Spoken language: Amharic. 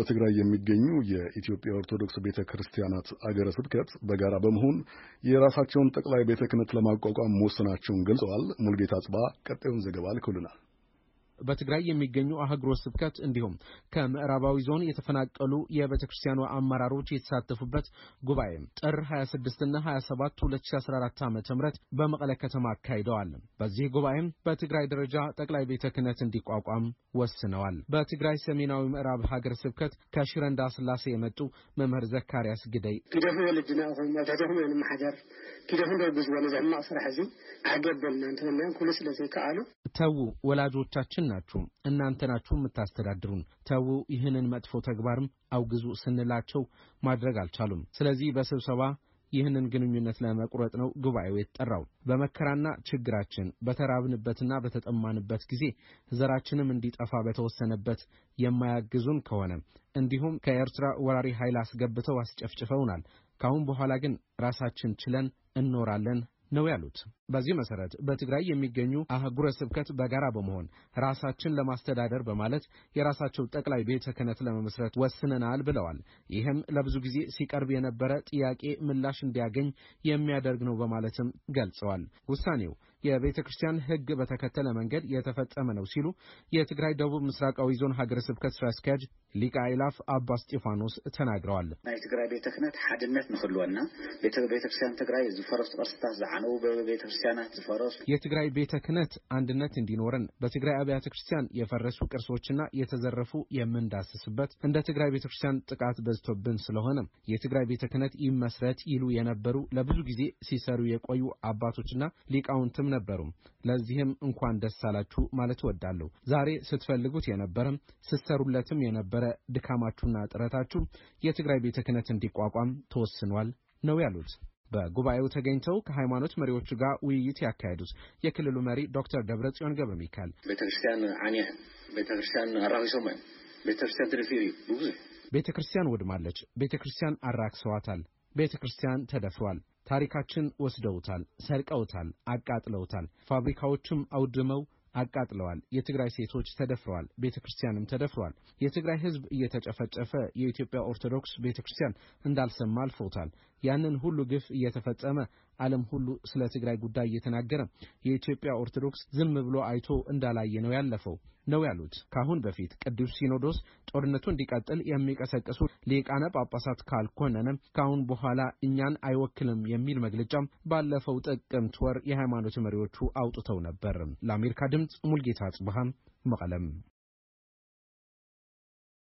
በትግራይ የሚገኙ የኢትዮጵያ ኦርቶዶክስ ቤተ ክርስቲያናት አገረ ስብከት በጋራ በመሆን የራሳቸውን ጠቅላይ ቤተ ክህነት ለማቋቋም መወሰናቸውን ገልጸዋል። ሙልጌታ ጽባ ቀጣዩን ዘገባ ልኮልናል። በትግራይ የሚገኙ አህጉረ ስብከት እንዲሁም ከምዕራባዊ ዞን የተፈናቀሉ የቤተ ክርስቲያኗ አመራሮች የተሳተፉበት ጉባኤ ጥር 26ና 27 2014 ዓ ም በመቀለ ከተማ አካሂደዋል። በዚህ ጉባኤም በትግራይ ደረጃ ጠቅላይ ቤተ ክህነት እንዲቋቋም ወስነዋል። በትግራይ ሰሜናዊ ምዕራብ ሀገር ስብከት ከሽረ ስላሴ የመጡ መምህር ዘካርያስ ግደይ ክደፍን ወለድና ኮይና ተደፍን ወንማሓደር ክደፍን ደጉዝ ወለ ዘሕማቅ ስራሕ እዚ ኣገበልና እንትንናዮም ኩሉ ስለ ዘይከኣሉ ተዉ ወላጆቻችን ናችሁ፣ እናንተ ናችሁ የምታስተዳድሩን፣ ተዉ ይህንን መጥፎ ተግባርም አውግዙ ስንላቸው ማድረግ አልቻሉም። ስለዚህ በስብሰባ ይህንን ግንኙነት ለመቁረጥ ነው ጉባኤው የተጠራው። በመከራና ችግራችን በተራብንበትና በተጠማንበት ጊዜ ዘራችንም እንዲጠፋ በተወሰነበት የማያግዙን ከሆነ እንዲሁም ከኤርትራ ወራሪ ኃይል አስገብተው አስጨፍጭፈውናል። ካሁን በኋላ ግን ራሳችን ችለን እንኖራለን ነው ያሉት። በዚህ መሰረት በትግራይ የሚገኙ አህጉረ ስብከት በጋራ በመሆን ራሳችን ለማስተዳደር በማለት የራሳቸው ጠቅላይ ቤተ ክህነት ለመመስረት ወስነናል ብለዋል። ይህም ለብዙ ጊዜ ሲቀርብ የነበረ ጥያቄ ምላሽ እንዲያገኝ የሚያደርግ ነው በማለትም ገልጸዋል። ውሳኔው የቤተ ክርስቲያን ሕግ በተከተለ መንገድ የተፈጸመ ነው ሲሉ የትግራይ ደቡብ ምስራቃዊ ዞን ሀገረ ስብከት ስራ አስኪያጅ ሊቀ አእላፍ አባ እስጢፋኖስ ተናግረዋል። ናይ ትግራይ ቤተ ክህነት ሓድነት ንክህልወና ቤተክርስቲያን ትግራይ ዝፈረሱ ቅርስታት ነው በቤተ ክርስቲያናት ፈረሱ። የትግራይ ቤተ ክህነት አንድነት እንዲኖረን በትግራይ አብያተ ክርስቲያን የፈረሱ ቅርሶችና የተዘረፉ የምንዳስስበት እንደ ትግራይ ቤተ ክርስቲያን ጥቃት በዝቶብን ስለሆነ የትግራይ ቤተ ክህነት ይመስረት ይሉ የነበሩ ለብዙ ጊዜ ሲሰሩ የቆዩ አባቶችና ሊቃውንትም ነበሩ። ለዚህም እንኳን ደስ አላችሁ ማለት እወዳለሁ። ዛሬ ስትፈልጉት የነበረም ስትሰሩለትም የነበረ ድካማችሁና ጥረታችሁ የትግራይ ቤተ ክህነት እንዲቋቋም ተወስኗል ነው ያሉት። በጉባኤው ተገኝተው ከሃይማኖት መሪዎቹ ጋር ውይይት ያካሄዱት የክልሉ መሪ ዶክተር ደብረጽዮን ገብረ ሚካኤል ቤተክርስቲያን አኒያ ቤተክርስቲያን አራሚሶማን ቤተክርስቲያን ትርፊሪ ብዙ ቤተክርስቲያን ወድማለች። አራክሰዋታል። ቤተክርስቲያን ተደፍሯል። ታሪካችን ወስደውታል፣ ሰርቀውታል፣ አቃጥለውታል። ፋብሪካዎቹም አውድመው አቃጥለዋል። የትግራይ ሴቶች ተደፍረዋል። ቤተ ክርስቲያንም ተደፍረዋል። የትግራይ ሕዝብ እየተጨፈጨፈ የኢትዮጵያ ኦርቶዶክስ ቤተ ክርስቲያን እንዳልሰማ አልፎታል። ያንን ሁሉ ግፍ እየተፈጸመ ዓለም ሁሉ ስለ ትግራይ ጉዳይ እየተናገረ የኢትዮጵያ ኦርቶዶክስ ዝም ብሎ አይቶ እንዳላየ ነው ያለፈው ነው ያሉት። ካሁን በፊት ቅዱስ ሲኖዶስ ጦርነቱ እንዲቀጥል የሚቀሰቅሱ ሊቃነ ጳጳሳት ካልኮነነ ካሁን በኋላ እኛን አይወክልም የሚል መግለጫም ባለፈው ጥቅምት ወር የሃይማኖት መሪዎቹ አውጥተው ነበር። ለአሜሪካ ድምፅ ሙልጌታ አጽብሃም መቀለም